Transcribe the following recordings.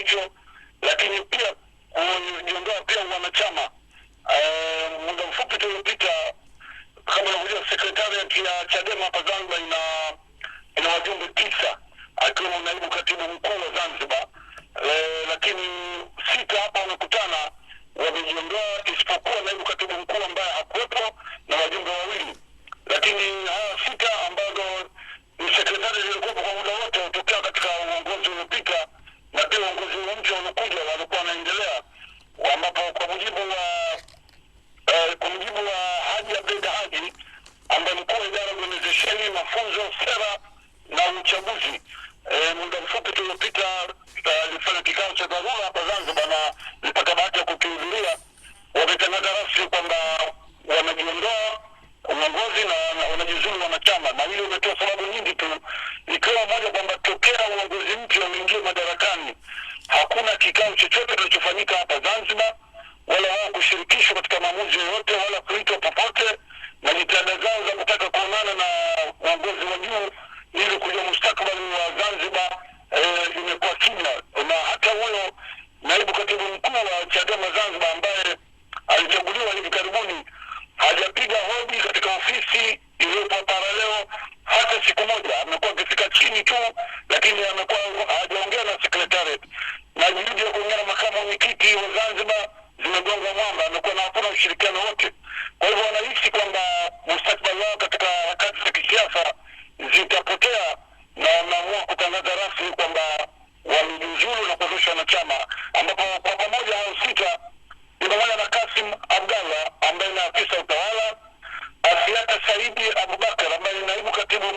hicho, lakini pia kujiondoa uh, pia wanachama. Uh, muda mfupi tu uliopita, kama unavyojua, sekretariat ya Chadema hapa Zanzibar ina ina wajumbe tisa akiwemo naibu katibu mkuu wa Zanzibar, uh, lakini Eh, muda mfupi tuliopita tulifanya eh, kikao cha dharura hapa Zanzibar na nipata bahati ya kukihudhuria. Wametangaza rasmi kwamba wanajiondoa uongozi na wanajiuzulu wanachama, na hilo umetoa sababu nyingi tu, ikiwa moja kwamba tokea uongozi mpya uingie madarakani hakuna kikao chochote kilichofanyika hapa Zanzibar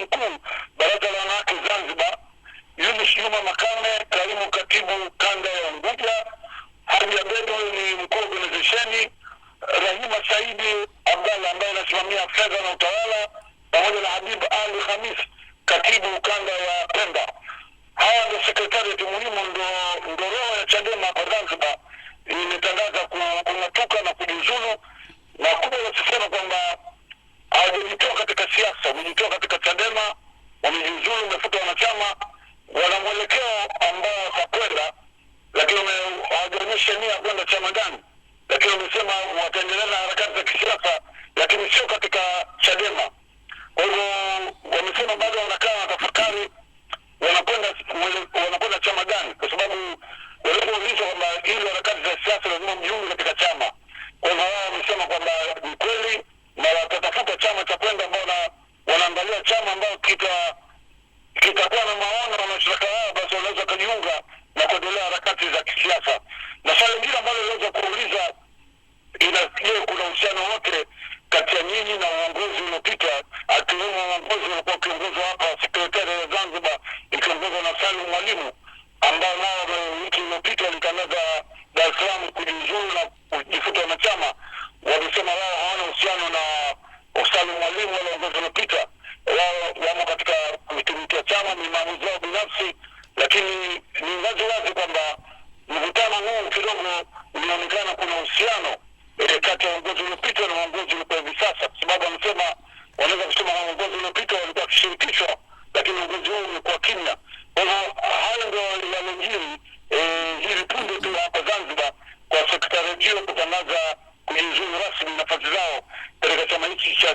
mkuu baraza la wanawake Zanzibar, Yunus Juma Makame, kaimu katibu kanda ya Unguja, Haji Abed, huyu ni mkuu wa organizesheni, Rahima Saidi Abdalla ambaye anasimamia fedha na utawala, pamoja na Habib Ali Khamis, katibu kanda ya Pemba. Hawa ndo sekretarieti muhimu, ndo ndo roho ya Chadema kwa Zanzibar imetangaza kung'atuka na kujiuzulu, na kubwa wasisema kwamba hawajajitoa katika siasa, wamejitoa katika wamejiuzulu, wamefuta wanachama ambao kita kitakuwa na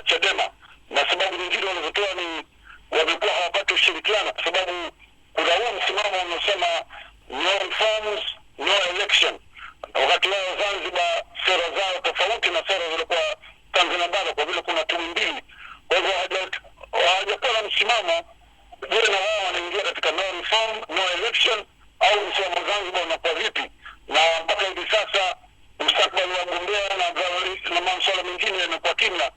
Chadema, na sababu nyingine wanazotoa ni wamekuwa hawapati ushirikiano, kwa sababu kuna huu msimamo unaosema no reforms no election, wakati wao Zanzibar sera zao tofauti na sera zilizokuwa Tanzania bara, kwa vile kuna tumi mbili. Kwa hivyo hawajakuwa na msimamo je, na wao wanaingia katika no reform no election au msimamo Zanzibar unakuwa vipi? Na mpaka hivi sasa mstakbali wa gombea na, na masuala mengine yamekuwa kimya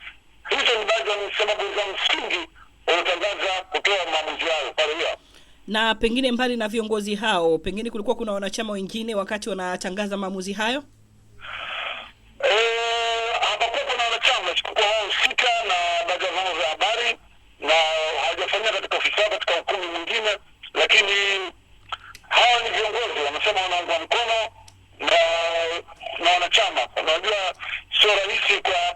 sababu za msingi wanatangaza kutoa maamuzi yao pale hiyo na pengine mbali na viongozi hao, pengine kulikuwa kuna wanachama wengine wakati wanatangaza maamuzi hayo. Eh, hapakuwa kuna wanachama isipokuwa wao sita na baadhi ya vyombo vya habari, na hawajafanyia katika ofisi yao katika ukumbi mwingine, lakini hawa ni viongozi wanasema wanaunga mkono na na wanachama. Unajua sio rahisi kwa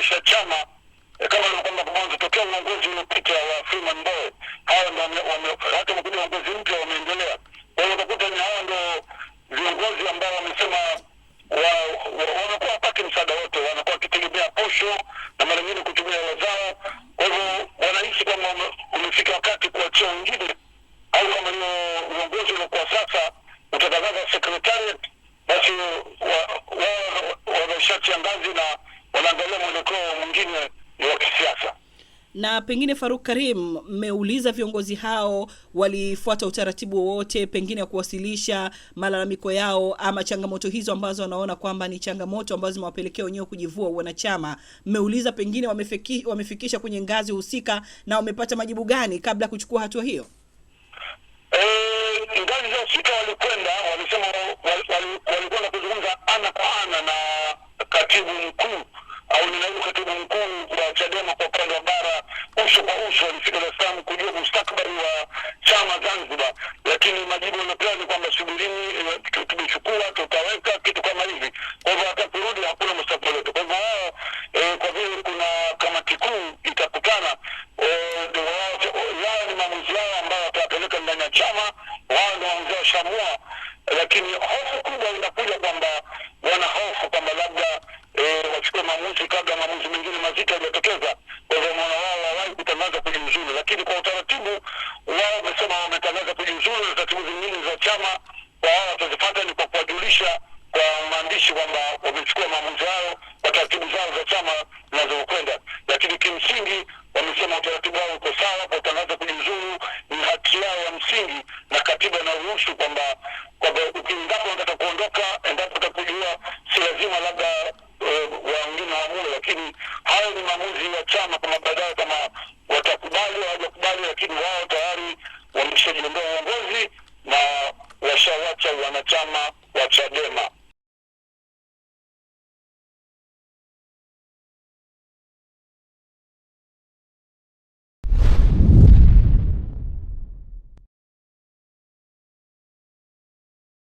kukiendesha chama e, kama kwamba mwanzo tokea uongozi uliopita wa Freeman Mbowe, hawa ndio hata wamekuja uongozi mpya wameendelea. Kwa hiyo utakuta ni hawa ndio viongozi ambao wamesema wamekuwa wapate msaada wote, wanakuwa wakitegemea posho na mara nyingine kutumia hela zao. Kwa hivyo wanahisi kwamba umefika wakati kuachia wengine, au kama hiyo uongozi uliokuwa sasa utatangaza sekretariat, basi wao wanaishatia ngazi na wanaangalia mwelekeo mwingine ni wa kisiasa. Na pengine Faruk Karim, mmeuliza viongozi hao walifuata utaratibu wowote pengine wa kuwasilisha malalamiko yao ama changamoto hizo ambazo wanaona kwamba ni changamoto ambazo zimewapelekea wenyewe kujivua wanachama? Mmeuliza pengine wamefiki, wamefikisha kwenye ngazi husika na wamepata majibu gani kabla ya kuchukua hatua hiyo? E, ngazi za husika walikwenda, walisema walikuwa wali, wali, wali kuzungumza ana kwa ana na katibu mkuu au ni naibu katibu mkuu wa Chadema kwa upande wa bara, uso kwa uso alifika Dar es Salaam kujua mustakabali wa chama Zanzibar, lakini majibu waandishi kwamba wamechukua maamuzi hayo kwa taratibu zao za chama zinazokwenda, lakini kimsingi wamesema utaratibu wao uko sawa. Kwa tangaza kujiuzuru ni haki yao ya msingi na katiba inaruhusu kwamba kwamba ukiingapo unataka kuondoka